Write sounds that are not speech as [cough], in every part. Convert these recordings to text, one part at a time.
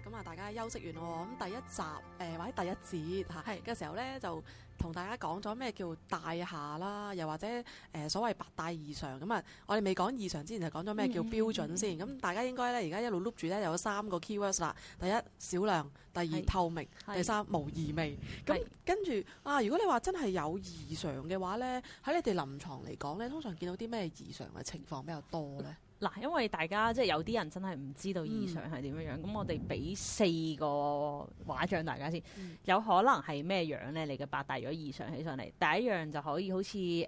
咁啊，大家休息完喎，咁第一集，誒、呃、或者第一節嚇，嘅、啊、是時候咧就同大家講咗咩叫大下啦，又或者誒、呃、所謂白帶異常，咁啊，我哋未講異常之前就講咗咩叫標準、嗯、先，咁大家應該咧而家一路碌住咧有三個 keywords 啦，第一少量，第二是透明，是第三無異味，咁是跟住啊，如果你話真係有異常嘅話咧，喺你哋臨床嚟講咧，通常見到啲咩異常嘅情況比較多咧？嗱，因為大家即係有啲人真係唔知道異常係點樣樣，咁、嗯、我哋俾四個畫像大家先，嗯、有可能係咩樣咧？你嘅白帶如果異常起上嚟，第一樣就可以好似誒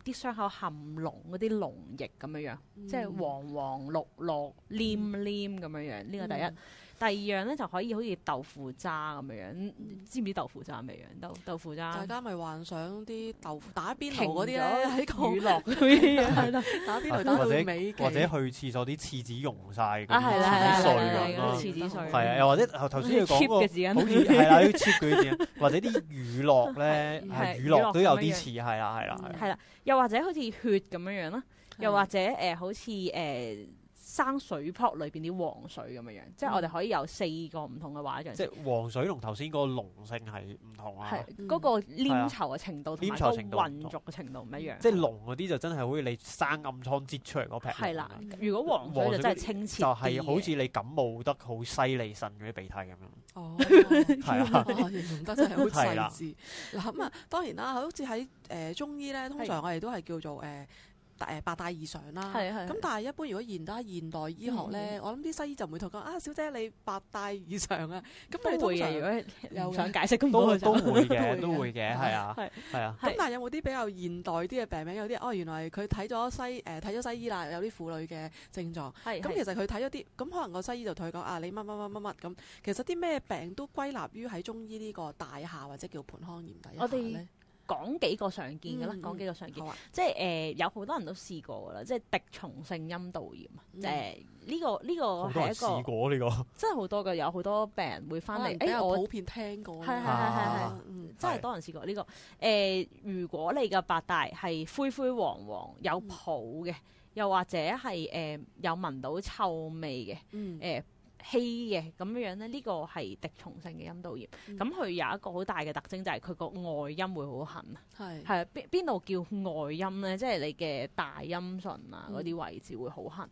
啲傷口含膿嗰啲膿液咁樣樣，嗯、即係黃黃綠綠黏黏咁樣樣，呢、嗯、個第一。嗯。第二樣咧就可以好似豆腐渣咁樣樣，知唔知豆腐渣咩樣？豆豆腐渣。大家咪幻想啲豆腐打邊爐嗰啲喺乳酪嗰啲嘢，打邊爐或者或者去廁所啲廁紙溶晒咁樣碎咁廁紙碎。係啊，或者頭頭先講個好似係啦，要切句點，或者啲乳酪咧，乳酪都有啲似，係啦，係啦，係啦。係啦，又或者好似血咁樣樣咯，又或者誒，好似誒。生水泡裏邊啲黃水咁樣樣，即係我哋可以有四個唔同嘅畫像。即係黃水同頭先嗰個濃性係唔同啊。係嗰個黏稠嘅程度同黏稠程度，混濁嘅程度唔一樣。即係濃嗰啲就真係好似你生暗瘡擠出嚟嗰撇。係啦，如果黃水就真係清澈。就係好似你感冒得好犀利，腎嗰啲鼻涕咁樣。哦，係啦，形容得真係好細緻。嗱咁啊，當然啦，好似喺誒中醫咧，通常我哋都係叫做誒。白帶異常啦，咁但係一般如果現代現代醫學咧，我諗啲西醫就唔會同佢講啊，小姐你白帶異常啊，咁佢如果又想解釋咁都會嘅，都會嘅，係啊，係啊。咁但係有冇啲比較現代啲嘅病名？有啲。哦，原來佢睇咗西誒睇咗西醫啦，有啲婦女嘅症狀，咁其實佢睇咗啲，咁可能個西醫就同佢講啊，你乜乜乜乜乜咁。其實啲咩病都歸納於喺中醫呢個帶下或者叫盆腔炎帶下咧。講幾個常見嘅啦，講幾個常見，即係誒有好多人都試過㗎啦，即係滴蟲性陰道炎，誒呢個呢個係一個真係好多嘅，有好多病人會翻嚟，誒我普遍聽過，係係係係，嗯，真係多人試過呢個，誒如果你嘅白帶係灰灰黃黃有泡嘅，又或者係誒有聞到臭味嘅，誒。稀嘅咁樣樣咧，呢個係滴蟲性嘅陰道炎，咁佢、嗯、有一個好大嘅特徵就係、是、佢是個外陰會好痕，係係邊邊度叫外陰咧？即係你嘅大陰唇啊嗰啲位置會好痕，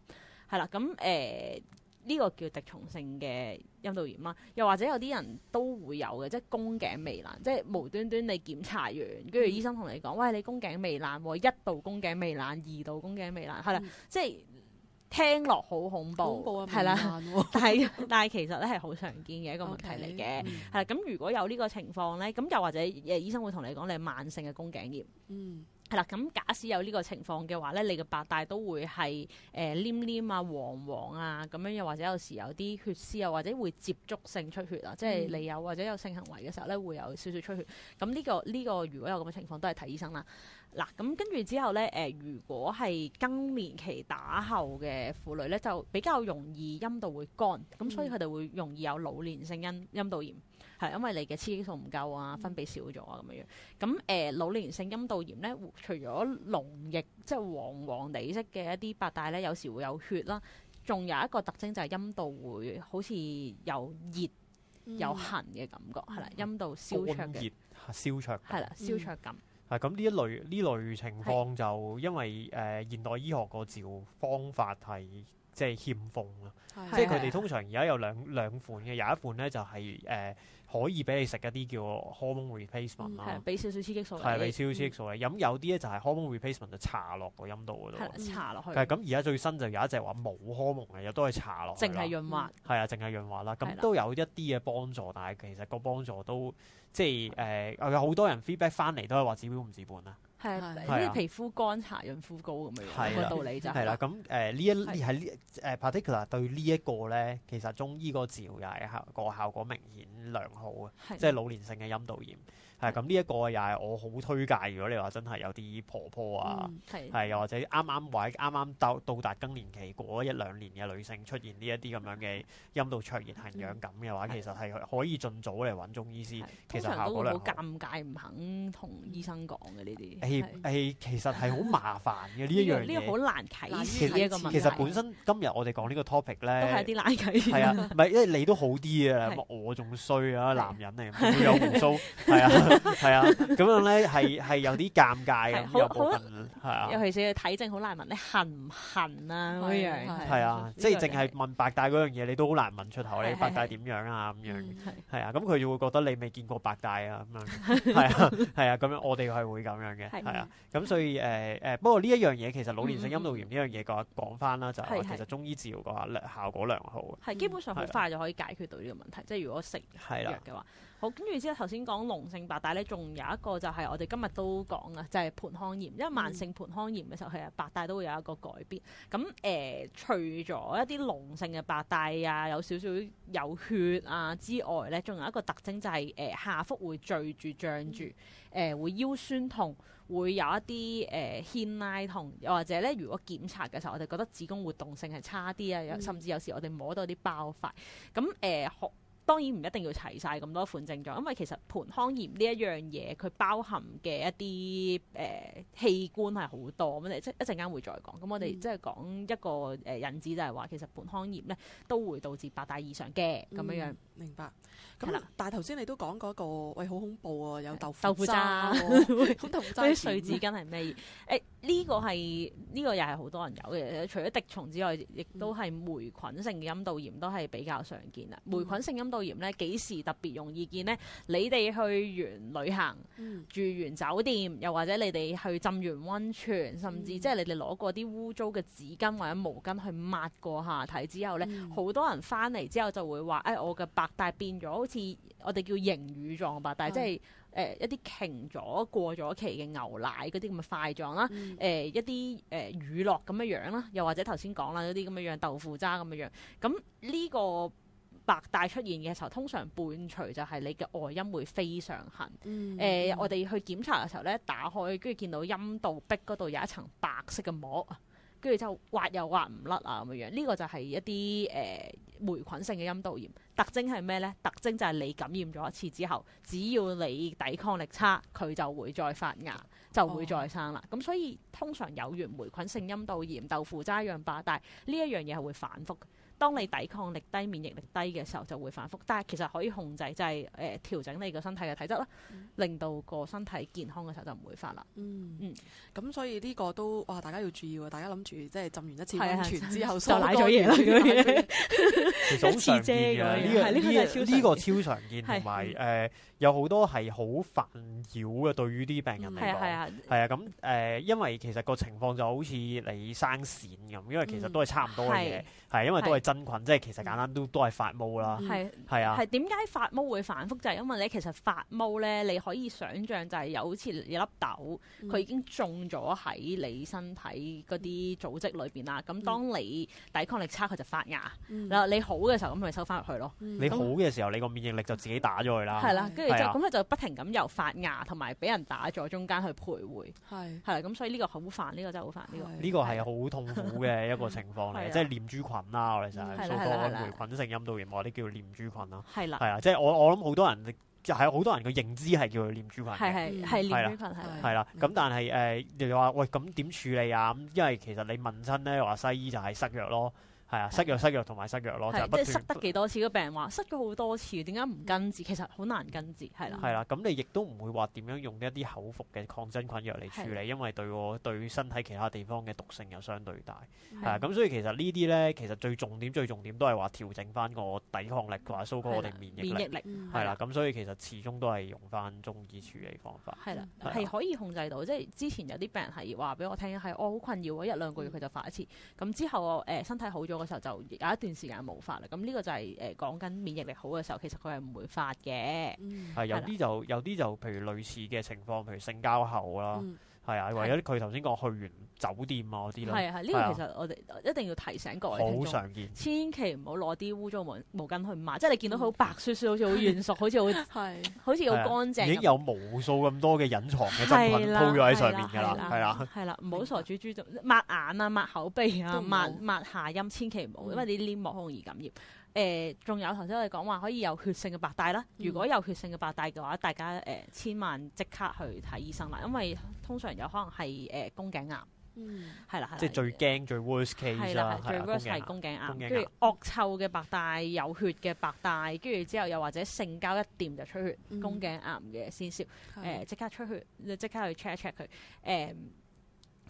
係啦、嗯。咁誒呢個叫滴蟲性嘅陰道炎啊，又或者有啲人都會有嘅，即係宮頸糜爛，即係無端端你檢查完，跟住醫生同你講，嗯、喂，你宮頸糜爛，一度宮頸糜爛，二度宮頸糜爛，係啦，即係。聽落好恐怖，係、啊、啦，啊、但係 [laughs] 但係其實咧係好常見嘅一個問題嚟嘅，係、okay, 嗯、啦。咁如果有呢個情況咧，咁又或者誒醫生會同你講你係慢性嘅宮頸炎，嗯，係啦。咁假使有呢個情況嘅話咧，你嘅白帶都會係誒、呃、黏黏啊、黃黃啊咁樣，又或者有時有啲血絲，啊，又或者會接觸性出血啊，嗯、即係你有或者有性行為嘅時候咧，會有少少出血。咁呢個呢個，如果有咁嘅情況，都係睇醫生啦。嗱，咁跟住之後咧，誒，如果係更年期打後嘅婦女咧，就比較容易陰道會乾，咁、嗯、所以佢哋會容易有老年性陰陰道炎，係因為你嘅雌激素唔夠啊，分泌少咗啊，咁樣樣。咁、嗯、誒、呃，老年性陰道炎咧，除咗膿液即係黃黃哋色嘅一啲白帶咧，有時會有血啦，仲有一個特徵就係陰道會好似有熱、嗯、有痕嘅感覺，係啦，陰道燒灼嘅干，燒灼，係啦，燒灼感。嗯。係咁，呢一類，呢類情況，就因為，誒、呃、現代醫學個治療方法係。即係欠奉啦，的即係佢哋通常而家有兩兩款嘅，有一款咧就係、是、誒、呃、可以俾你食一啲叫 hormone replacement 啦、嗯，係俾少少雌激素嘅，係俾少少雌激素嘅。咁、嗯、有啲咧就係 hormone replacement 就搽落個陰道嗰度，搽落去。係咁而家最新就有一隻話冇 Hormone 嘅，又都係搽落，淨係潤滑。係啊、嗯，淨係潤滑啦。咁的都有一啲嘅幫助，但係其實個幫助都即係誒、呃、有好多人 feedback 翻嚟都係話似乎唔自然啊。係，啲、啊、皮膚乾、搽潤膚膏咁樣，的個道理就係啦。咁誒呢一，喺的、呃、呢誒 particular 對呢一個咧，其實中醫個治療係效個效果明顯良好嘅，的即係老年性嘅陰道炎。係咁，呢一個又係我好推介。如果你話真係有啲婆婆啊，係又、嗯嗯、或者啱啱位、啱啱到到達更年期嗰一兩年嘅女性出現呢一啲咁樣嘅陰道灼熱、痕癢感嘅話，其實係可以盡早嚟揾中醫師。尋尋醫其實效果良好。通常都好尷尬，唔肯同醫生講嘅呢啲。係其實係好麻煩嘅呢一樣嘢。呢個好難啟齒嘅一個問題。其實本身今日我哋講呢個 topic 咧，都係啲難啟齒。係啊，唔係因為你都好啲啊是、嗯，我仲衰啊，男人嚟，唔會有鬍鬚係啊。 [laughs] 係啊，咁樣咧係係有啲尷尬嘅，有部分係啊。尤其是睇症好難問，你痕唔痕啊？嗰樣係啊，即係淨係問白帶嗰樣嘢，你都好難問出頭。你白帶點樣啊？咁樣係啊。咁佢就會覺得你未見過白帶啊。咁樣係啊，係啊。咁樣我哋係會咁樣嘅。係啊。咁所以誒誒，不過呢一樣嘢，其實老年性陰道炎呢樣嘢，嘅話講翻啦，就係其實中醫治療嘅話，效果良好。係基本上好快就可以解決到呢個問題。即係如果食係藥嘅話。好，跟住之後頭先講膿性白帶咧，仲有一個就係我哋今日都講啊，就係、是、盆腔炎。因為慢性盆腔炎嘅時候，其實、嗯、白帶都會有一個改變。咁誒、呃，除咗一啲膿性嘅白帶啊，有少少有血啊之外咧，仲有一個特徵就係、是、誒、呃、下腹會墜住脹住，誒、嗯呃、會腰酸痛，會有一啲誒牽拉痛，又或者咧，如果檢查嘅時候，我哋覺得子宮活動性係差啲啊，嗯、甚至有時我哋摸到啲包塊。咁誒，好、呃當然唔一定要齊晒咁多款症狀，因為其實盆腔炎呢一樣嘢，佢包含嘅一啲誒、呃、器官係好多，咁你即一陣間會再講。咁我哋即係講一個誒引子，就係話其實盆腔炎咧都會導致白帶異常嘅咁樣樣、嗯。明白。咁啦，吧但係頭先你都講嗰個，喂，好恐怖啊、哦！有豆腐渣，咁豆腐渣啲碎紙巾係咩？ [laughs] [laughs] 呢個係呢個又係好多人有嘅，除咗滴蟲之外，亦都係霉菌性嘅陰道炎都係比較常見啦。嗯、霉菌性陰道炎呢，幾時特別容易見呢？你哋去完旅行，嗯、住完酒店，又或者你哋去浸完溫泉，嗯、甚至即係你哋攞過啲污糟嘅紙巾或者毛巾去抹過下體之後呢，好、嗯、多人翻嚟之後就會話：誒、哎、我嘅白帶變咗，好似我哋叫凝乳狀白帶，即係是。誒、呃、一啲瓊咗過咗期嘅牛奶嗰啲咁嘅塊狀啦，誒、呃、一啲誒乳酪咁嘅樣啦，又或者頭先講啦一啲咁嘅樣豆腐渣咁嘅樣,樣，咁呢個白帶出現嘅時候，通常伴隨就係你嘅外陰會非常痕，誒、嗯嗯呃、我哋去檢查嘅時候咧，打開跟住見到陰道壁嗰度有一層白色嘅膜。跟住就刮又刮唔甩啊，咁嘅樣，呢個就係一啲誒黴菌性嘅陰道炎，特徵係咩呢？特徵就係你感染咗一次之後，只要你抵抗力差，佢就會再發芽，就會再生啦。咁、哦、所以通常有完霉菌性陰道炎豆腐渣一樣吧，但呢一樣嘢係會反覆。當你抵抗力低、免疫力低嘅時候就會反覆，但係其實可以控制，就係誒調整你個身體嘅體質啦，令到個身體健康嘅時候就唔會發癢。嗯嗯，咁所以呢個都哇，大家要注意啊！大家諗住即係浸完一次温泉之後，就賴咗嘢啦，一次啫㗎。呢個呢個超常見，同埋誒有好多係好煩擾嘅對於啲病人嚟講。係啊，係啊，咁誒，因為其實個情況就好似你生癬咁，因為其實都係差唔多嘅嘢，係因為都係。真菌即係其實簡單都都係發毛啦，係係啊，係點解發毛會反覆？就係因為你其實發毛咧，你可以想象就係有好似一粒豆，佢已經種咗喺你身體嗰啲組織裏邊啦。咁當你抵抗力差，佢就發芽；嗱你好嘅時候，咁咪收翻入去咯。你好嘅時候，你個免疫力就自己打咗佢啦。係啦，跟住就咁，佢就不停咁由發芽同埋俾人打咗中間去徘徊。係係咁，所以呢個好煩，呢個真係好煩，呢個呢個係好痛苦嘅一個情況嚟，即係念珠菌啦，係啦，好多霉菌性陰道炎，我啲叫念珠菌啦。係啦、mm，係啊，即係我我諗好多人就係好多人嘅認知係叫念珠菌。係係係念珠菌啦，咁但係誒，你話喂咁點處理啊？咁因為其實你問親咧話西醫就係塞藥咯。係啊，塞藥塞藥同埋塞藥咯，就即係塞得幾多次？個病人話塞咗好多次，點解唔根治？其實好難根治，係啦。係啦，咁你亦都唔會話點樣用一啲口服嘅抗真菌藥嚟處理，因為對我對身體其他地方嘅毒性又相對大。係啊，咁所以其實呢啲咧，其實最重點、最重點都係話調整翻個抵抗力，話蘇哥我哋免疫力。免疫力係啦，咁所以其實始終都係用翻中醫處理方法。係啦，係可以控制到，即係之前有啲病人係話俾我聽，係我好困擾啊，一兩個月佢就發一次。咁之後誒身體好咗。個時候就有一段時間冇發啦，咁呢個就係誒講緊免疫力好嘅時候，其實佢係唔會發嘅。係、嗯、有啲就有啲就譬如類似嘅情況，譬如性交後啦。嗯係啊，或者佢頭先講去完酒店啊嗰啲咯，係啊的，呢啲其實我哋一定要提醒各位，好常見，千祈唔好攞啲污糟毛巾去抹，即係、嗯、你見到佢好白雪雪，好似好軟熟，好似是的 好係，好似好乾淨，已經有無數咁多嘅隱藏嘅真菌鋪咗喺上面㗎啦，係啊，係啦，唔好傻豬豬就抹眼啊、抹口鼻啊、抹抹沒下陰，千祈唔好，因為你黏膜好容易感染。誒，仲、呃、有頭先我哋講話可以有血性嘅白帶啦。如果有血性嘅白帶嘅話，大家誒、呃，千萬即刻去睇醫生啦。因為通常有可能係誒宮頸癌，係啦，係啦，即係最驚最 worst case 啦，啦最 worst 係宮頸癌。跟住惡臭嘅白帶、有血嘅白帶，跟住之後又或者性交一掂就出血，宮、嗯、頸癌嘅先兆，誒、呃、即刻出血，即刻去 check 一 check 佢，誒、嗯。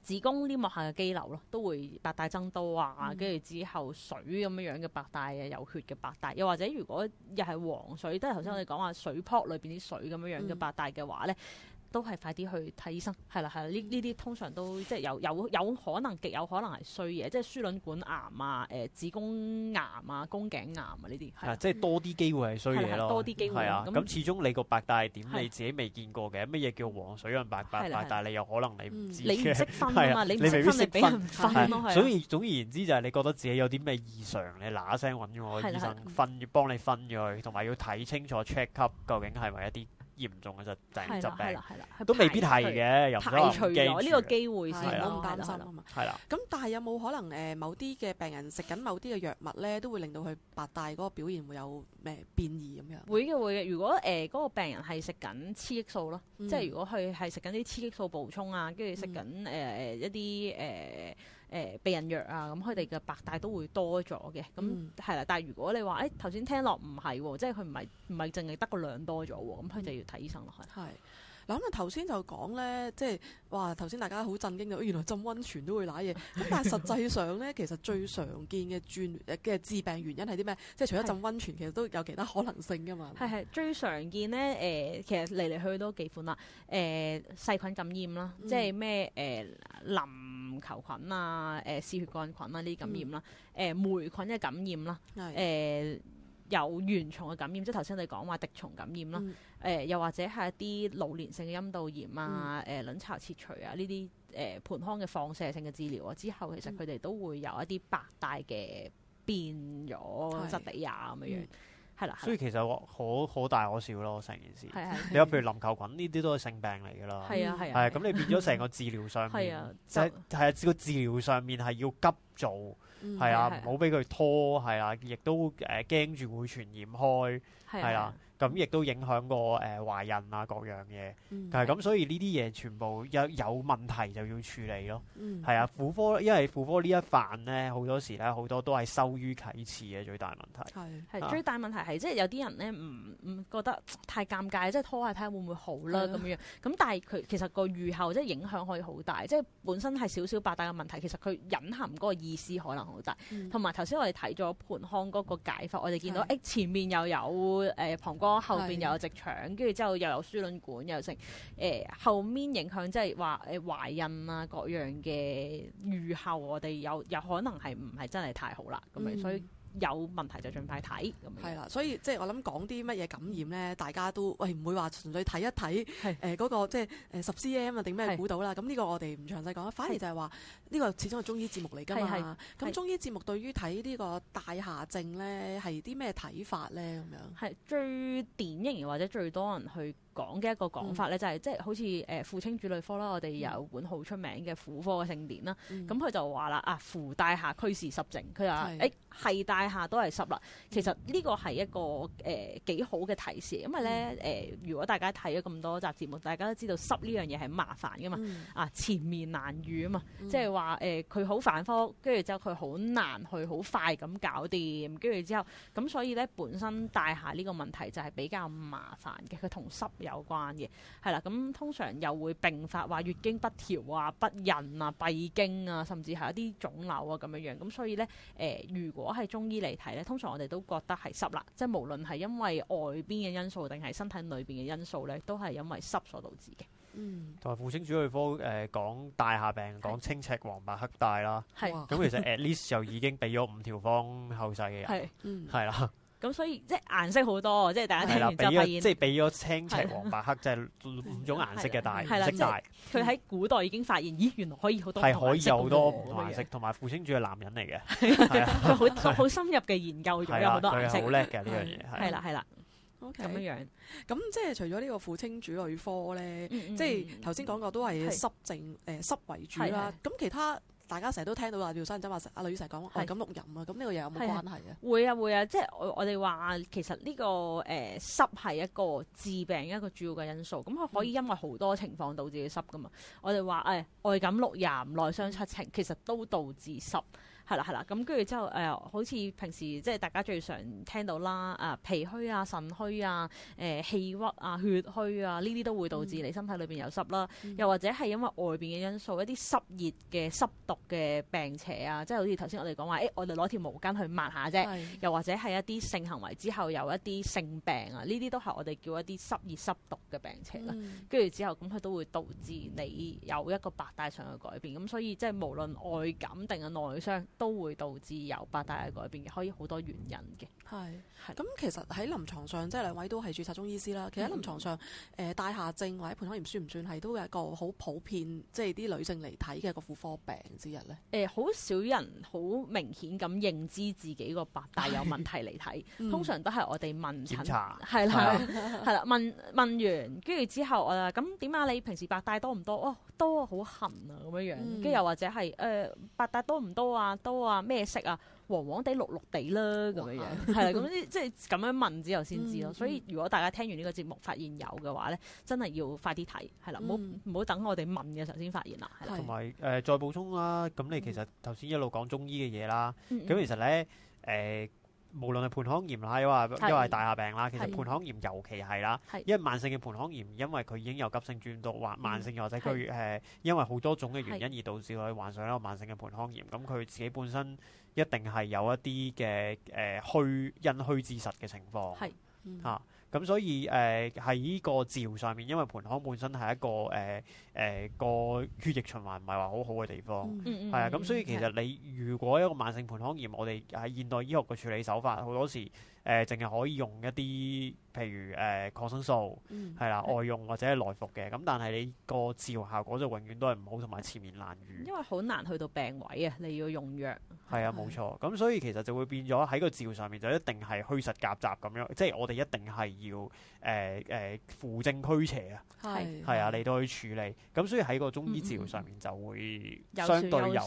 子宮黏膜下嘅肌瘤咯，都會白帶增多啊，跟住之後水咁樣樣嘅白帶啊，有血嘅白帶，又或者如果又係黃水，都係頭先我哋講話水泡裏邊啲水咁樣樣嘅白帶嘅話咧。嗯呢都係快啲去睇醫生，係啦係啦，呢呢啲通常都即係有有有可能極有可能係衰嘢，即係輸卵管癌啊、誒子宮癌啊、宮頸癌啊呢啲，係即係多啲機會係衰嘢咯，多啲機會啊。咁始終你個白帶點你自己未見過嘅，乜嘢叫黃水咁白白白帶，你又可能你唔知，你唔識分啊嘛，你唔識分你俾人分。總總言之就係你覺得自己有啲咩異常，你嗱嗱聲揾我，醫生分要幫你分咗去，同埋要睇清楚 check up 究竟係咪一啲。嚴重嘅就就係疾病，都未必係嘅，又排除咗呢個機會先，唔好咁擔心啊嘛。係啦，咁但係有冇可能誒某啲嘅病人食緊某啲嘅藥物咧，都會令到佢白帶嗰個表現會有咩變異咁樣？會嘅會嘅。如果誒嗰個病人係食緊雌激素咯，即係如果佢係食緊啲雌激素補充啊，跟住食緊誒誒一啲誒。誒、呃、被人藥啊，咁佢哋嘅白帶都會多咗嘅，咁係啦。但係如果你話，誒頭先聽落唔係喎，即係佢唔係唔係淨係得個量多咗喎，咁佢就要睇醫生咯。係、嗯。咁啊，頭先、嗯、就講咧，即係話頭先大家好震驚嘅、哎，原來浸溫泉都會攋嘢。咁但係實際上咧， [laughs] 其實最常見嘅轉嘅致病原因係啲咩？即係除咗浸溫泉，其實都有其他可能性噶嘛。係，係最常見咧，誒、呃、其實嚟嚟去去都幾款啦。誒、呃、細菌感染啦，即係咩誒淋球菌啊、誒、呃、嗜血桿菌啊呢啲感染啦。誒黴、嗯呃、菌嘅感染啦。誒、呃。有原蟲嘅感染，即係頭先你講話滴蟲感染啦，誒、呃嗯 er、又或者係一啲老年性嘅陰道炎啊、誒卵巢切除啊呢啲誒盆腔嘅放射性嘅治療啊，之後其實佢哋都會有一啲白帶嘅變咗質地啊咁樣，係啦，所以其實可可大可小咯成件事。你話譬如淋球菌呢啲都係性病嚟㗎啦，係啊係啊，係咁你變咗成個治療上面，就係啊治個治療上面係要急。做係啊，唔好俾佢拖係啊，亦都誒驚住會傳染開係啊，咁亦都影響個誒懷孕啊各樣嘢，但係咁所以呢啲嘢全部有有問題就要處理咯，係啊婦科，因為婦科呢一範咧好多時咧好多都係羞於啟齒嘅最大問題，係最大問題係即係有啲人咧唔唔覺得太尷尬，即係拖下睇下會唔會好啦咁樣，咁但係佢其實個預後即係影響可以好大，即係本身係少少白帶嘅問題，其實佢隱含嗰個意。意思可能好大，同埋頭先我哋睇咗盆腔嗰個解剖，嗯、我哋見到誒前面又有誒膀胱，後邊又有直腸，跟住是之後又有輸卵管，又成誒、呃、後面影響，即係話誒懷孕啊各樣嘅預後，我哋有有可能係唔係真係太好啦咁、嗯、樣，所以，有問題就盡快睇咁樣。係啦， [noise] 所以即係我諗講啲乜嘢感染咧，大家都喂唔會話純粹睇一睇，誒嗰是的、呃嗰個即係誒十 cm 嘛定咩估到啦？咁呢個我哋唔詳細講，反而就係話呢個始終係中醫節目嚟㗎嘛。咁中醫節目對於睇呢個帶下症咧係啲咩睇法咧咁樣？係最典型或者最多人去講嘅一個講法咧，就是，就係，嗯、即係好似誒，呃、傅青主女科啦，我哋有本好出名嘅婦科嘅聖典啦。咁佢，嗯嗯、就話啦啊，夫帶下俱是濕症」就，佢話誒係帶下都係濕啦。其實呢個係一個誒幾，呃、好嘅提示，因為咧誒，嗯呃，如果大家睇咗咁多集節目，大家都知道濕呢樣嘢係麻煩㗎嘛啊，纏綿難癒啊嘛，即係話誒佢好反覆，跟，呃、住之後佢好難去好快咁搞掂，跟住之後咁所以咧本身帶下呢個問題就係比較麻煩嘅，佢同濕有關嘅係啦，咁通常又會並發話月經不調啊、不孕啊、閉經啊，甚至係一啲腫瘤啊咁樣樣。咁所以呢，誒、呃、如果係中醫嚟睇呢，通常我哋都覺得係濕啦，即係無論係因為外邊嘅因素定係身體裏邊嘅因素呢，都係因為濕所導致嘅。嗯，同埋傅青主女科誒講、呃、帶下病，講青赤黃白黑帶啦。係是。咁哇其實 at least [laughs] 就已經俾咗五條方後世嘅人。係。啦、嗯。 [laughs] 咁所以即係顏色好多，即係大家睇完之後發現，即係俾咗青、赤、黃、白、黑，即係五種顏色嘅大色大。佢喺古代已經發現，咦，原來可以好多係可以有好多唔同顏色，同埋傅青主係男人嚟嘅，佢好好深入嘅研究咗好多好叻嘅呢樣嘢，係啦係啦。OK，咁樣樣，咁即係除咗呢個傅青主女科咧，即係頭先講過都係濕症，誒濕為主啦。咁其他。大家成日都聽到話廖生真話，阿女成日講外感六淫啊，咁呢是個又有冇關係啊？會啊會啊，即係我我哋話其實呢、這個誒、呃、濕係一個致病一個主要嘅因素，咁佢、嗯、可以因為好多情況導致濕㗎嘛。我哋話誒外感六淫、內傷七情，嗯、其實都導致濕。係啦，係啦，咁跟住之後誒、呃，好似平時即係大家最常聽到啦，誒脾虛啊、腎虛啊、誒氣、啊呃、鬱啊、血虛啊，呢啲都會導致你身體裏邊有濕啦。嗯、又或者係因為外邊嘅因素，一啲濕熱嘅濕毒嘅病邪啊，即係好似頭先我哋講話，誒、哎、我哋攞條毛巾去抹下啫。的又或者係一啲性行為之後有一啲性病啊，呢啲都係我哋叫一啲濕熱濕毒嘅病邪啦。跟住、嗯、之後咁佢都會導致你有一個白帶上嘅改變。咁、嗯、所以即係無論外感定係內傷。都會導致有白帶嘅改變嘅，可以好多原因嘅。係係咁，其實喺臨床上，即係兩位都係註冊中醫師啦。其實喺臨床上，誒、呃、帶下症或者盆腔炎算唔算係都有一個好普遍，即係啲女性嚟睇嘅個婦科病之一咧？誒、呃，好少人好明顯咁認知自己個白帶有問題嚟睇。 [laughs] 通常都係我哋問診查係啦，係 [laughs] 啦，問問完跟住之後我，我咁點解你平時白帶多唔多？哦。多好痕啊，咁樣樣，跟住、嗯、又或者係誒，白、呃、帶多唔多啊？多啊，咩色啊？黃黃地、綠綠地啦，咁哇樣樣係啦，咁即係咁樣問之後先知咯。嗯、所以如果大家聽完呢個節目發現有嘅話咧，真係要快啲睇，係啦，唔好、嗯、等我哋問嘅時候先發現啦。係啦。同埋誒，再補充啦、啊，咁你其實頭先一路講中醫嘅嘢啦，咁、嗯、其實咧誒。呃無論係盆腔炎啦，又話因為帶下病啦，其實盆腔炎尤其係啦，的因為慢性嘅盆腔炎，因為佢已經有急性轉到或慢性，或者佢誒因為好多種嘅原因而導致佢患上一個慢性嘅盆腔炎，咁佢的自己本身一定係有一啲嘅誒虛因虛之實嘅情況，係。咁所以誒喺呢個治療上面，因為盆腔本身係一個誒誒個血液循環唔係話好好嘅地方，係啊、嗯，咁、嗯、所以其實你如果一個慢性盆腔炎，我哋喺現代醫學嘅處理手法好多時。誒，淨係可以用一啲，譬如誒抗生素，係啦，外用或者內服嘅。咁但係你個治療效果就永遠都係唔好，同埋纏綿難愈。因為好難去到病位啊，你要用藥。係啊，冇錯。咁所以其實就會變咗喺個治療上面，就一定係虛實夾雜咁樣。即係我哋一定係要誒誒扶正驅邪啊。係係啊，嚟到去處理。咁所以喺個中醫治療上面就會相對有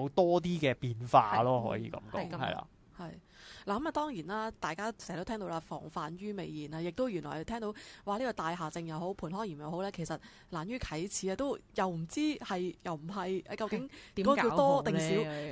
有多啲嘅變化咯。可以咁講係啦，係。嗱咁啊，當然啦，大家成日都聽到啦，防範於未然啊，亦都原來聽到話呢個帶下症又好，盆腔炎又好咧，其實難於啟齒啊，都又唔知係又唔係啊，究竟點叫多定少？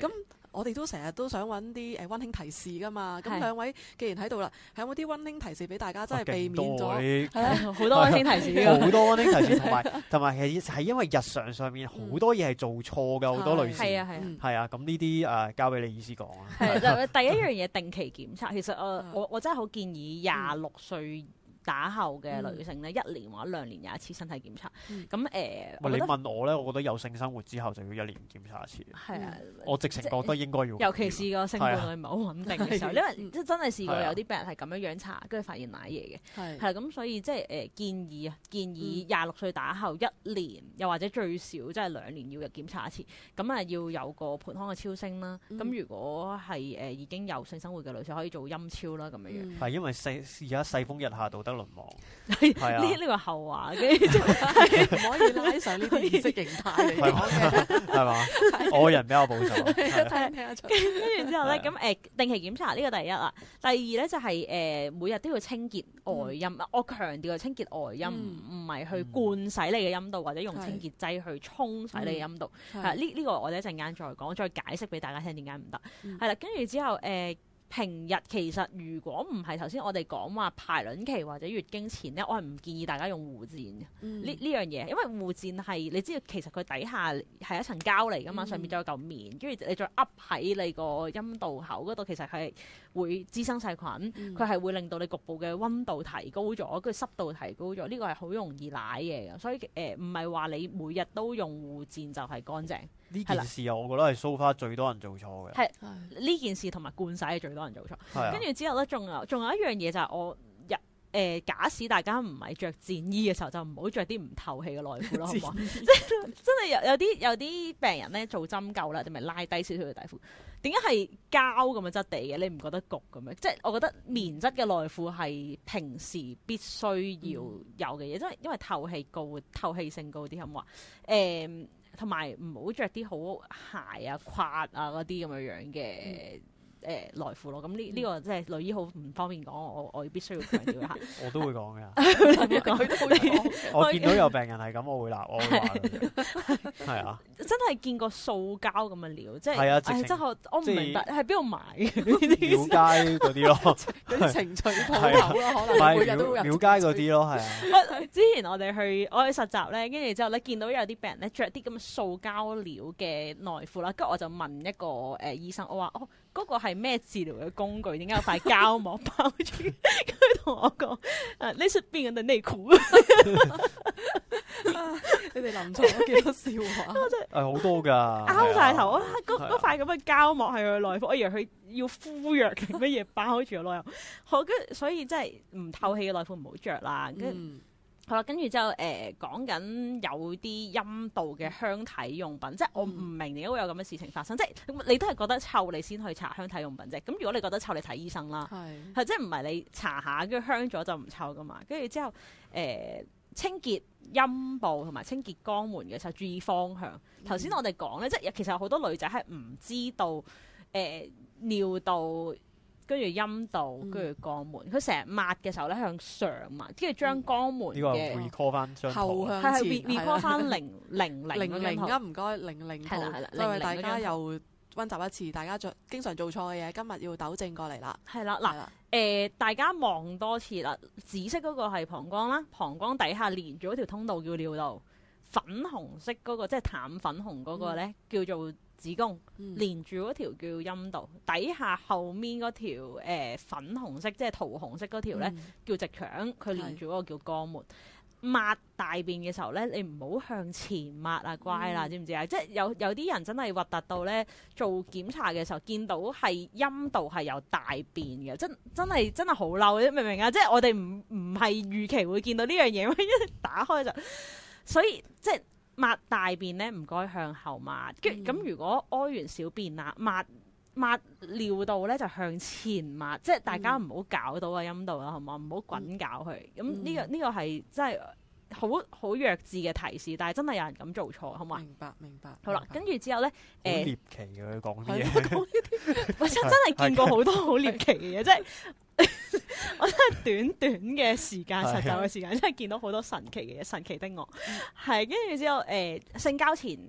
咁我哋都成日都想揾啲誒溫馨提示噶嘛，咁兩位既然喺度啦，有冇啲溫馨提示俾大家，真係避免咗好、啊、多溫 [laughs] 馨提示好 [laughs] 多溫馨提示，同埋同埋係係因為日常上面好多嘢係做錯嘅好、 [laughs] 嗯、多類似係啊，係啊，係啊，咁呢啲誒交俾你意思講啊，係、就係、第一樣嘢 [laughs] 定期檢查，其實我我我真係好建議廿六歲。打後嘅女性咧，一年或者兩年廿一次身體檢查。咁誒，你問我咧，我覺得有性生活之後就要一年檢查一次。係啊，我直情覺得應該要。尤其是個性關係唔係好穩定嘅時候，因為即真係試過有啲病人係咁樣樣查，跟住發現奶嘢嘅。係。係咁所以即係誒建議啊，建議廿六歲打後一年，又或者最少即係兩年要檢查一次。咁啊，要有個盆腔嘅超聲啦。咁如果係誒已經有性生活嘅女性，可以做陰超啦，咁樣樣。係因為世而家世風日下，道德淪亡。係啊，呢呢個後話嘅，唔 [laughs] [laughs] 可以拉上呢啲意識形態嚟嘅，係嘛？我人比較保守。跟住之後咧呢，咁誒 [laughs] 定期檢查呢、這個第一啦，第二咧就係、是、誒、呃、每日都要清潔外陰啊！嗯、我強調清潔外陰，唔唔係去灌洗你嘅陰道，或者用清潔劑去沖洗你嘅陰道。係呢，呢個我哋一陣間再講，再解釋俾大家聽點解唔得。係啦、嗯，跟住、嗯、 [laughs] 之後誒。呃平日其實如果唔係頭先我哋講話排卵期或者月經前呢，我係唔建議大家用護墊呢呢樣嘢，因為護墊係你知道其實佢底下係一層膠嚟㗎嘛，上面仲有嚿棉，跟住你再噏喺你個陰道口嗰度，其實係、嗯、會滋生細菌。佢係會令到你局部嘅溫度提高咗，跟住濕、嗯、度提高咗，呢、呢個係好容易攋嘢嘅。所以誒，唔係話你每日都用護墊就係乾淨。呢件事我覺得係 so far 最多人做錯嘅的。係呢 Yeah. 件事同埋灌洗係最多人做錯。跟住 Yeah. 之後咧，仲有仲有一樣嘢就係我入誒、呃，假使大家唔係着戰衣嘅時候，就唔 [laughs] 好着啲唔透氣嘅內褲啦，好唔好？即係 [laughs] [laughs] 真係有有啲有啲病人咧做針灸啦，定咪拉低少少嘅底褲。點解係膠咁嘅質地嘅？你唔覺得焗咁樣？即、就、係、是、我覺得棉質嘅內褲係平時必須要有嘅嘢，因為、mm. 因為透氣高，透氣性高啲，好唔好？Um, 同埋唔好著啲好鞋啊、胯啊嗰啲咁樣樣嘅。嗯誒內褲咯，咁呢呢個即係女醫好唔方便講，我我必須要強調一下。我都會講嘅，我見到有病人係咁，我會鬧，我會話，係啊，真係見過塑膠咁嘅料，即係係之後我唔明白喺邊度買嘅，了解嗰啲咯，情趣鋪啦，可能每日都了解嗰啲咯，係啊。之前我哋去我去實習咧，跟住之後咧見到有啲病人咧着啲咁嘅塑膠料嘅內褲啦，跟住我就問一個誒醫生，我話哦。嗰個係咩治療嘅工具？點解有塊膠膜包住？佢同我講：，誒，呢出邊嘅內褲，你哋臨床都幾多笑話、 [laughs] 嗯？啊、嗯，真係好多噶，拗晒頭啦！嗰嗰塊咁嘅膠膜係佢內褲，我以為佢要敷藥嘅，乜嘢包住內褲？好，跟所以真係唔透氣嘅內褲唔好着啦。跟。好啦，跟住之後誒，講緊有啲陰道嘅香體用品，即係我唔明點解會有咁嘅事情發生，嗯、即係你都係覺得臭你先去搽香體用品啫。咁如果你覺得臭，你睇醫生啦。係是，即係唔係你搽下跟住香咗就唔臭噶嘛？跟住之後誒、呃、清潔陰部同埋清潔肛門嘅時候注意方向。頭先我哋講咧，嗯、即係其實好多女仔係唔知道誒、呃、尿道。跟住陰道，跟住肛門，佢成日抹嘅時候咧，向上抹，跟住將肛門嘅後向前，係係 recall 翻零零零零而家唔該零零圖，再為大家又溫習一次，大家做經常做錯嘅嘢，今日要糾正過嚟啦。係啦，嗱誒，大家望多次啦，紫色嗰個係膀胱啦，膀胱底下連住一條通道叫尿道，粉紅色嗰個即係淡粉紅嗰個咧叫做。子宮、嗯、連住嗰條叫陰道，底下後面嗰條誒粉紅色，即係桃紅色嗰條咧叫直腸，佢連住嗰個叫肛門。嗯、抹大便嘅時候咧，你唔好向前抹啊，乖啦，嗯、知唔知啊？即係有有啲人真係核突到咧，做檢查嘅時候見到係陰道係有大便嘅，真真係真係好嬲，你明唔明啊？即係我哋唔唔係預期會見到呢樣嘢，因 [laughs] 一打開就，所以即係。抹大便咧唔該向後抹，咁、嗯、如果屙完小便啦，抹抹尿道咧就向前抹，即係大家唔好搞到個陰道啦，嗯、好冇？唔好滾搞佢，咁呢、嗯呢個呢、呢個係即係。真好好弱智嘅提示，但係真係有人咁做錯，好嘛？明白明白。好啦，跟住之後咧，誒，獵奇嘅佢講啲嘢，我真真係見過好多好獵奇嘅嘢，即係我真係短短嘅時間實習嘅時間，真係見到好多神奇嘅嘢，神奇的我，係跟住之後誒，性交前誒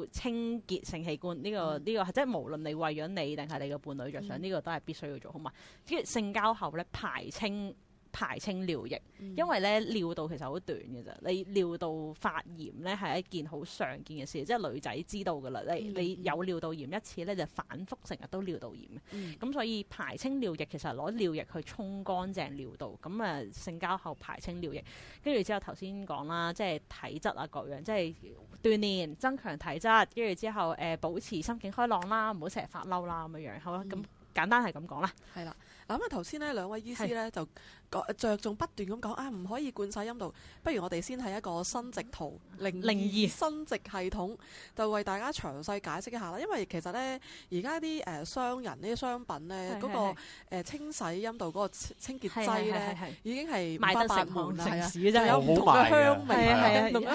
要清潔性器官呢個呢個，即係無論你為咗你定係你嘅伴侶着想，呢個都係必須要做好嘛。跟住性交後咧排清。排清尿液，嗯、因為咧尿道其實好短嘅啫，你尿道發炎咧係一件好常見嘅事，即係女仔知道嘅啦。你你有尿道炎一次咧，就反覆成日都尿道炎咁、嗯、所以排清尿液其實攞尿液去沖乾淨尿道，咁啊性交後排清尿液。跟住之後頭先講啦，即係體質啊各樣，即係鍛鍊增強體質。跟住之後誒、呃、保持心境開朗啦，唔好成日發嬲啦咁樣樣。好啦、嗯，咁簡單係咁講啦。係啦，嗱咁啊頭先呢兩位醫師咧就。的的着重不斷咁講啊，唔、哎、可以灌洗陰道，不如我哋先喺一個生殖圖零二生殖系統，就為大家詳細解釋一下啦。因為其實咧，而家啲誒商人呢啲商品咧，嗰個清洗陰道嗰個清潔劑咧，已經係、啊啊、賣得成行成市有唔同嘅香味，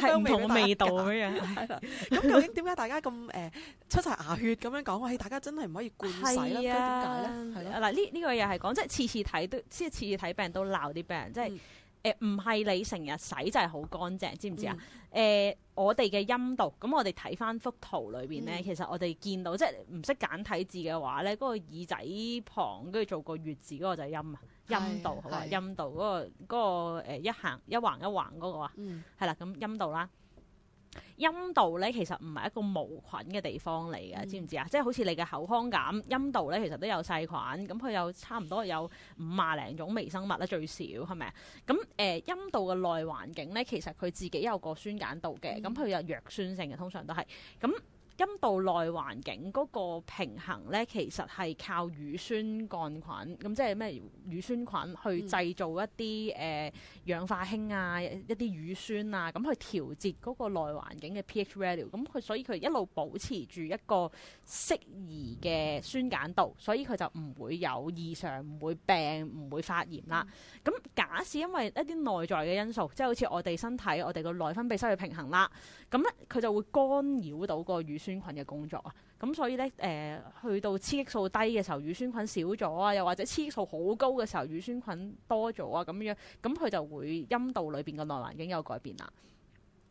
有唔同嘅味，啊、味道咁究竟點解大家咁誒出晒牙血咁樣講？誒，大家真係唔可以灌洗咧？點解咧？嗱，呢呢、呢個又係講即係次次睇都即係次次睇病都。鬧啲病，人，即係誒，唔係、嗯呃、你成日洗就係好乾淨，知唔知啊？誒、嗯呃，我哋嘅陰道，咁我哋睇翻幅圖裏邊咧，嗯、其實我哋見到，即係唔識簡體字嘅話咧，嗰、那個耳仔旁跟住做個月字嗰個就係陰啊，陰道是好嘛？陰道嗰個嗰、那個那個、一行一橫一橫嗰、那個啊，係啦、嗯，咁陰道啦。那個陰道咧，其實唔係一個無菌嘅地方嚟嘅，嗯、知唔知啊？即係好似你嘅口腔咁，陰道咧，其實都有細菌，咁佢有差唔多有五萬零種微生物咧，最少，係咪啊？咁誒，陰、呃、道嘅內環境咧，其實佢自己有個酸鹼度嘅，咁佢、嗯、有弱酸性嘅，通常都係。陰道內環境嗰個平衡咧，其實係靠乳酸桿菌，咁即係咩乳酸菌去製造一啲誒、呃、氧化氫啊，一啲乳酸啊，咁去調節嗰個內環境嘅 pH value。咁佢所以佢一路保持住一個適宜嘅酸鹼度，所以佢就唔會有異常，唔會病，唔會發炎啦。咁假使因為一啲內在嘅因素，即係好似我哋身體，我哋個內分泌失去平衡啦，咁咧佢就會干擾到個乳。酸菌嘅工作啊，咁所以咧，誒、呃，去到雌激素低嘅時候，乳酸菌少咗啊，又或者雌激素好高嘅時候，乳酸菌多咗啊，咁樣，咁佢就會陰道裏邊嘅內環境有改變啦。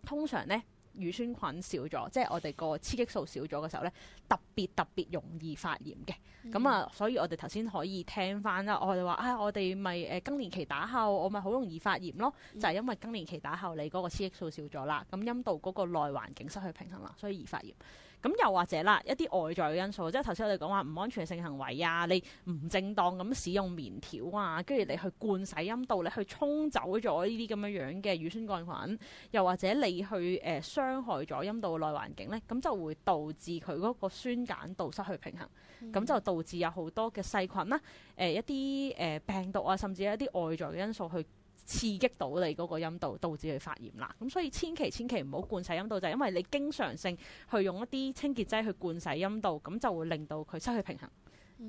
通常咧。乳酸菌少咗，即係我哋個雌激素少咗嘅時候呢，特別特別容易發炎嘅。咁啊，mm hmm. 嗯，所以我哋頭先可以聽翻啦，我哋話啊，我哋咪誒更年期打後，我咪好容易發炎咯，mm hmm. 就係因為更年期打後你嗰個雌激素少咗啦，咁陰道嗰個內環境失去平衡啦，所以易發炎。咁又或者啦，一啲外在嘅因素，即係頭先我哋講話唔安全性行為啊，你唔正當咁使用棉條啊，跟住你去灌洗陰道，你去沖走咗呢啲咁樣樣嘅乳酸杆菌，又或者你去誒、呃、傷害咗陰道內環境咧，咁就會導致佢嗰個酸鹼度失去平衡，咁、嗯、就導致有好多嘅細菌啦，誒、呃、一啲誒、呃、病毒啊，甚至係一啲外在嘅因素去。刺激到你嗰個陰道，導致佢發炎啦。咁所以千祈千祈唔好灌洗陰道，就係、是、因為你經常性去用一啲清潔劑去灌洗陰道，咁就會令到佢失去平衡。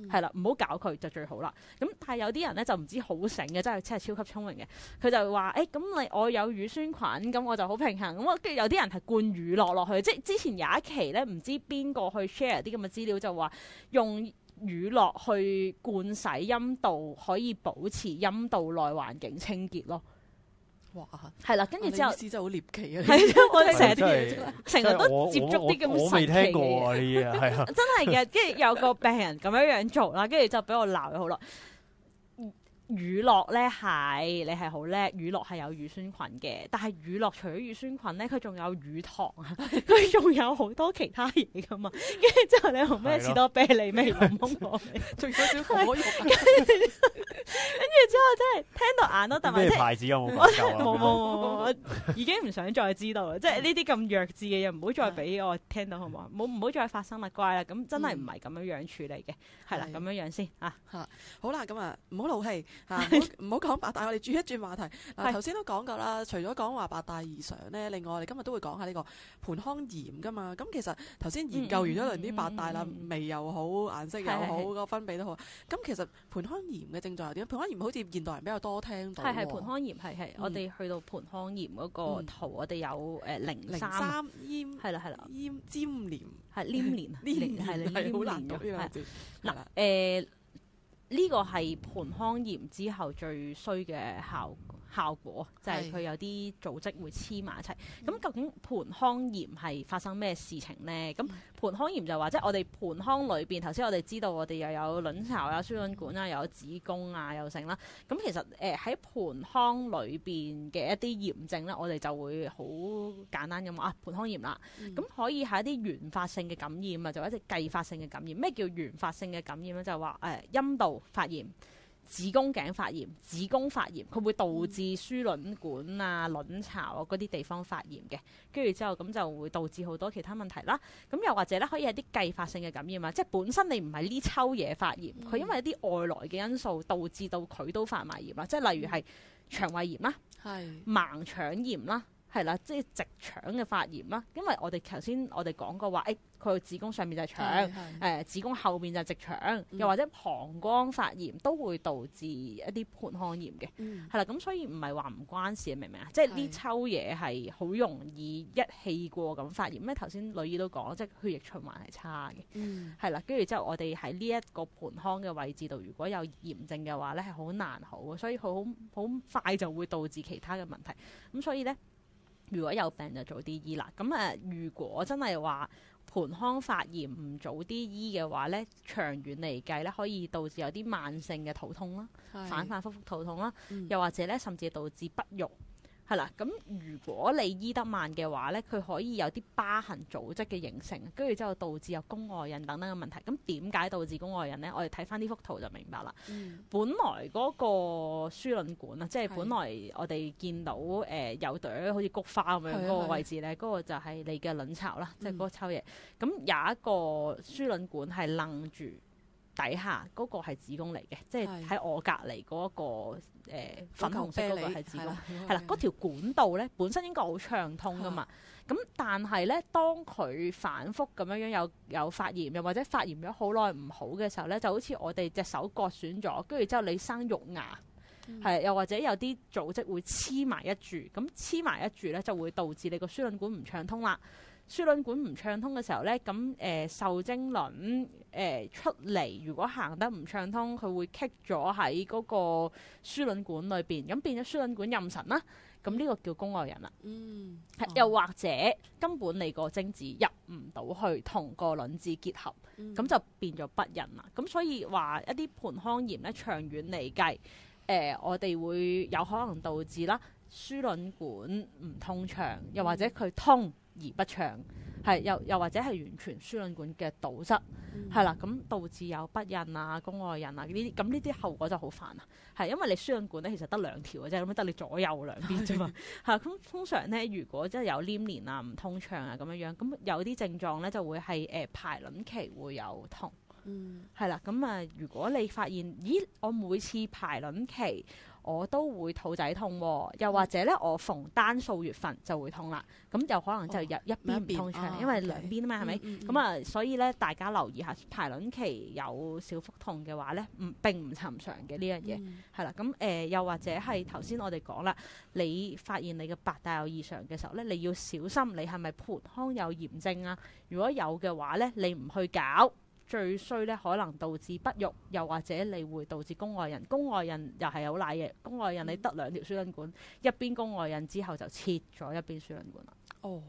係啦、嗯，唔好搞佢就最好啦。咁但係有啲人咧就唔知好醒嘅，真係真係超級聰明嘅，佢就話：誒、欸、咁你我有乳酸菌，咁我就好平衡。咁我跟住有啲人係灌乳酪落去，即係之前有一期咧，唔知邊個去 share 啲咁嘅資料就話用。雨乳酪去灌洗陰道，可以保持陰道內環境清潔咯。哇嘩！係啦，跟住之後，意思真係好獵奇啊！係啊， [laughs] [laughs] 我成日成日都接觸啲咁神奇嘅嘢，係啊，啊 [laughs] [laughs] 真係嘅。跟住有個病人咁樣樣做啦，跟住就俾我鬧咗好耐。乳酪咧係你係好叻，乳酪係有乳酸菌嘅，但係乳酪除咗乳酸菌咧，佢仲有乳糖啊，佢仲有好多其他嘢噶嘛。跟住之後你用咩士多啤梨咩檸檬嚟？跟住之後，後真係聽到眼咯，但係咩牌子我冇冇冇，我已經唔想再知道啦。 [laughs] 即係呢啲咁弱智嘅嘢，唔好再俾我聽到，好唔好？冇唔好再發生啦，乖啦。咁真係唔係咁樣、嗯嗯嗯、樣處理嘅，係啦，咁樣 [laughs] 對 [laughs] [laughs] 先樣先啊好啦，咁啊，唔 [laughs] 好老氣。唔好唔好講白帶，我哋轉一轉話題。嗱，頭先都講過啦，除咗講話白帶異常咧，另外我哋今日都會講下呢個盆腔炎噶嘛。咁其實頭先研究完咗輪啲白帶啦，味又好，顏色又好，個分泌都好。咁其實盆腔炎嘅症狀係點？盆腔炎好似現代人比較多聽到。係係盆腔炎，係係我哋去到盆腔炎嗰個圖，我哋有誒零三炎，係啦係啦，粘黏，係黏，連黏，粘連係啦，好難讀呢個字。嗱，誒。呢個係盆腔炎之後最衰嘅效果。效果就係、是、佢有啲組織會黐埋一齊。咁、嗯、究竟盆腔炎係發生咩事情呢？咁盆腔炎就話即係我哋盆腔裏邊，頭先我哋知道我哋又有卵巢、嗯、有輸卵管又有子宮啊，又成啦。咁、嗯、其實誒喺、呃、盆腔裏邊嘅一啲炎症咧，我哋就會好簡單咁話啊，盆腔炎啦。咁、嗯、可以係一啲原發性嘅感染啊，就一隻繼發性嘅感染。咩、就是、叫原發性嘅感染咧？就話誒陰道發炎。子宮頸發炎、子宮發炎，佢會導致輸卵管啊、卵巢啊嗰啲地方發炎嘅，跟住之後咁就會導致好多其他問題啦。咁又或者咧，可以有啲繼發性嘅感染啊，即係本身你唔係呢抽嘢發炎，佢、嗯、因為一啲外來嘅因素導致到佢都發埋炎啦。即係例如係腸胃炎啦、是盲腸炎啦。係啦，即係直腸嘅發炎啦。因為我哋頭先我哋講過話，誒、哎、佢個子宮上面就係腸，誒是、呃、子宮後面就係直腸，嗯、又或者膀胱發炎都會導致一啲盆腔炎嘅。係、嗯、啦，咁所以唔係話唔關事，明唔明啊？是即係呢抽嘢係好容易一氣過咁發炎。咩頭先女醫都講，即係血液循環係差嘅。係、嗯、啦，跟住之後我哋喺呢一個盆腔嘅位置度，如果有炎症嘅話咧，係好難好，所以好好快就會導致其他嘅問題。咁所以咧。如果有病就早啲醫啦。咁、嗯、誒，如果真係話盆腔發炎唔早啲醫嘅話呢，長遠嚟計呢，可以導致有啲慢性嘅肚痛啦，是反反覆覆肚痛啦，嗯、又或者呢，甚至導致不育。係啦，咁如果你醫得慢嘅話咧，佢可以有啲疤痕組織嘅形成，跟住之後導致有宮外孕等等嘅問題。咁點解導致宮外孕咧？我哋睇翻呢幅圖就明白啦。嗯、本來嗰個輸卵管啊，的即係本來我哋見到誒、呃、有朵好似菊花咁樣嗰個位置咧，嗰個就係你嘅卵巢啦，即係嗰個抽嘢。咁、嗯、有一個輸卵管係愣住。底下嗰、那個係子宮嚟嘅，即係喺我隔離嗰一個、呃、的粉紅色嗰個係子宮，係啦，嗰條管道咧，本身應該好暢通噶嘛，咁的但係咧，當佢反覆咁樣樣有有發炎，又或者發炎咗好耐唔好嘅時候咧，就好似我哋隻手割損咗，跟住之後你生肉芽，係又、嗯、或者有啲組織會黐埋一住，咁黐埋一住咧就會導致你個輸卵管唔暢通啦。輸卵管唔暢通嘅時候呢，咁誒、呃、受精卵誒、呃、出嚟，如果行得唔暢通，佢會棘咗喺嗰個輸卵管裏邊，咁變咗輸卵管妊娠啦。咁呢個叫宮外孕啦。嗯。哦、又或者根本你個精子入唔到去同個卵子結合，咁、嗯、就變咗不孕啦。咁所以話一啲盆腔炎咧，長遠嚟計，誒、呃、我哋會有可能導致啦。輸卵管唔通暢，又或者佢通而不暢，係又又或者係完全輸卵管嘅堵塞，係啦、嗯，咁導致有不孕啊、宮外孕啊呢啲，咁呢啲後果就好煩啦。係因為你輸卵管咧，其實得兩條嘅啫，咁得你左右兩邊啫嘛。嚇， [laughs] 咁通常咧，如果即係有黏連啊、唔通暢啊咁樣樣，咁有啲症狀咧就會係誒、呃、排卵期會有痛，係啦、嗯。咁啊，如果你發現咦，我每次排卵期，我都會肚仔痛，啊，又或者咧，我逢單數月份就會痛啦。咁就可能就入一邊唔、哦啊、因為兩邊啊嘛，係咪？咁啊，所以咧，大家留意下排卵期有小腹痛嘅話咧，唔並唔尋常嘅呢樣嘢係啦。咁誒、嗯呃，又或者係頭先我哋講啦，嗯、你發現你嘅白帶有異常嘅時候咧，你要小心你係咪盆腔有炎症啊？如果有嘅話咧，你唔去搞。最衰咧，可能導致不育，又或者你會導致宮外孕。宮外孕又係有賴嘅，宮外孕你得兩條輸卵管，一邊宮外孕之後就切咗一邊輸卵管啦。哦，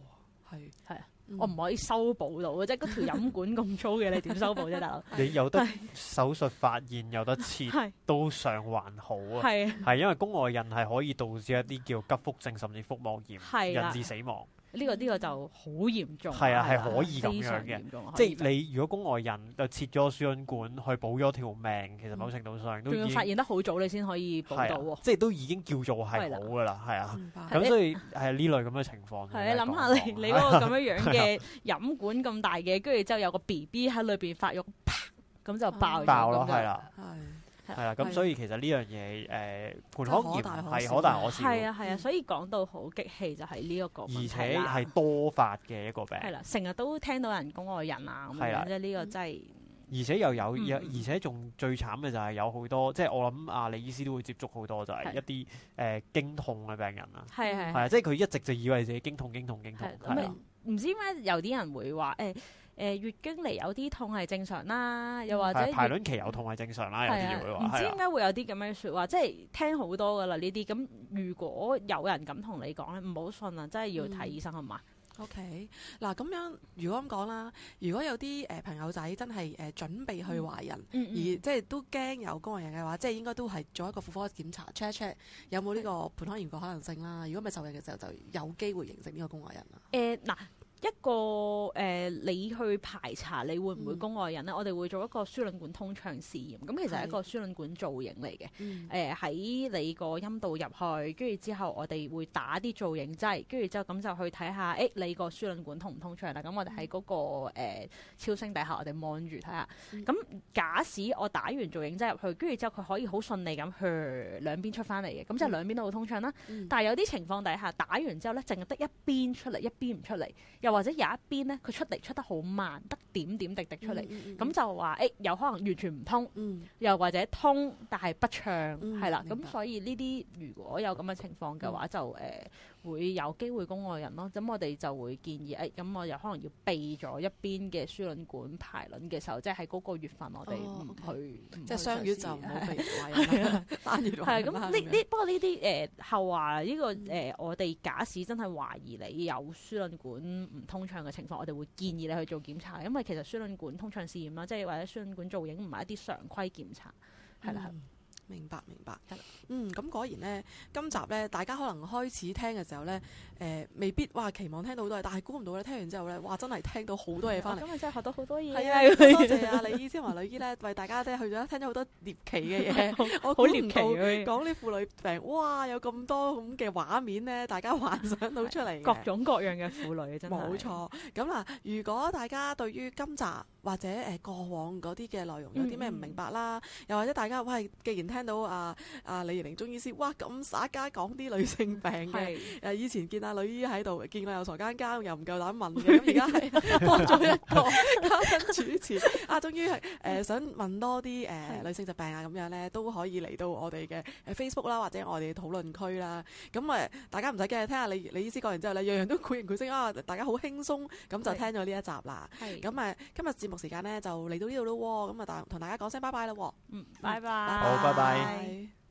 係係啊，我唔可以修補到嘅，即係嗰條飲管咁粗嘅，你點修補啫？大佬，你有得手術發現有得切都尚還好啊。係係，因為宮外孕係可以導致一啲叫急腹症，甚至腹膜炎，引致死亡。呢個呢個就好嚴重，係啊，係可以咁樣嘅嚴重。即係你如果宮外孕就切咗輸卵管去保咗條命，其實某程度上都仲要發現得好早，你先可以保到喎。即係都已經叫做係好嘅啦，係啊。咁所以係呢類咁嘅情況。係你諗下，你你嗰個咁樣樣嘅飲管咁大嘅，跟住之後有個 B B 喺裏邊發育，啪咁就爆咗，爆咗係啦。係啦，咁所以其實呢樣嘢誒，盆腔炎係可大可小。係啊，係啊，所以講到好激氣就係呢一個問題啦。而且係多發嘅一個病。係啦，成日都聽到人宮外孕啊咁樣，即呢個真係。而且又有，而且仲最慘嘅就係有好多，即係我諗阿李醫師都會接觸好多就係一啲誒經痛嘅病人啦。係係係啊，即係佢一直就以為自己經痛經痛經痛。係啦。唔知點解有啲人會話誒，誒、呃，月經嚟有啲痛係正常啦，又或者排卵期有痛係正常啦，嗯、有啲唔、嗯、知點解會有啲咁樣說話，嗯、即係聽好多噶啦呢啲。咁、嗯、如果有人咁同你講咧，唔好信啊，真係要睇醫生、嗯、好唔好？o k 嗱，咁樣如果咁講啦，如果有啲誒、呃、朋友仔真係誒、呃、準備去懷孕，嗯嗯、而即係都驚有宮外孕嘅話，即係應該都係做一個婦科檢查 check check，有冇呢個盆腔異物可能性啦？對 如果咪受孕嘅時候就有機會形成呢個宮外孕啊？誒嗱、呃。呃一個誒、呃，你去排查你會唔會宮外孕咧？嗯、我哋會做一個輸卵管通暢試驗，咁其實係一個輸卵管造影嚟嘅。誒喺、嗯呃、你個陰道入去，跟住之後我哋會打啲造影劑，跟住之後咁就去睇下，誒、欸、你個輸卵管通唔通暢啦？咁我哋喺嗰個超聲底下我看看看，我哋望住睇下。咁假使我打完造影劑入去，跟住之後佢可以好順利咁去、呃、兩邊出翻嚟嘅，咁就兩邊都好通暢啦、啊。嗯、但係有啲情況底下，打完之後咧，淨係得一邊出嚟，一邊唔出嚟，又。或者有一邊咧，佢出嚟出得好慢，得點點滴滴出嚟，咁、嗯嗯嗯、就話誒、欸、有可能完全唔通，嗯、又或者通但係不暢，係啦，咁所以呢啲如果有咁嘅情況嘅話，嗯、就誒。呃會有機會宮外孕咯，咁我哋就會建議誒，咁我又可能要避咗一邊嘅輸卵管排卵嘅時候，即係喺嗰個月份我哋唔去，即係雙月就唔好避。係咁呢？呢不過呢啲誒後話呢個誒，我哋假使真係懷疑你有輸卵管唔通暢嘅情況，我哋會建議你去做檢查，因為其實輸卵管通暢試驗啦，即係或者輸卵管造影唔係一啲常規檢查，係啦。明白明白，明白嗯，咁、嗯嗯、果然呢，今集呢，大家可能開始聽嘅時候呢，誒、呃，未必哇期望聽到好多嘢，但係估唔到你聽完之後呢，哇，真係聽到好多嘢返嚟。咁啊，真係學到好多嘢，係啊，嗯、多謝啊 [laughs] 李醫師同女醫呢，為大家咧去咗聽咗 [laughs] 好多獵奇嘅嘢，我好獵奇嘅，講啲婦女病，哇，有咁多咁嘅畫面呢，大家幻想到出嚟， [laughs] 各種各樣嘅婦女真係。冇錯，咁啊，如果大家對於今集。或者誒、呃、過往啲嘅內容有啲咩唔明白啦？嗯、又或者大家喂，既然聽到啊啊李怡玲中醫師哇咁耍家講啲女性病嘅誒的、啊，以前見阿女醫喺度，見我又傻更更又唔夠膽問嘅，咁而家係多咗一個嘉賓主持。 [laughs] 啊，終於係誒想問多啲誒、呃、的女性疾病啊咁樣咧，都可以嚟到我哋嘅 Facebook 啦，或者我哋討論區啦。咁啊、呃、大家唔使驚聽下李李醫師講完之後咧，樣樣都古靈古靈啊，大家好輕鬆咁就聽咗呢一集啦。係咁啊今日節目時間咧就嚟到呢度咯喎，咁啊大同大家講聲拜拜啦喎，嗯，拜拜，嗯，好，拜拜。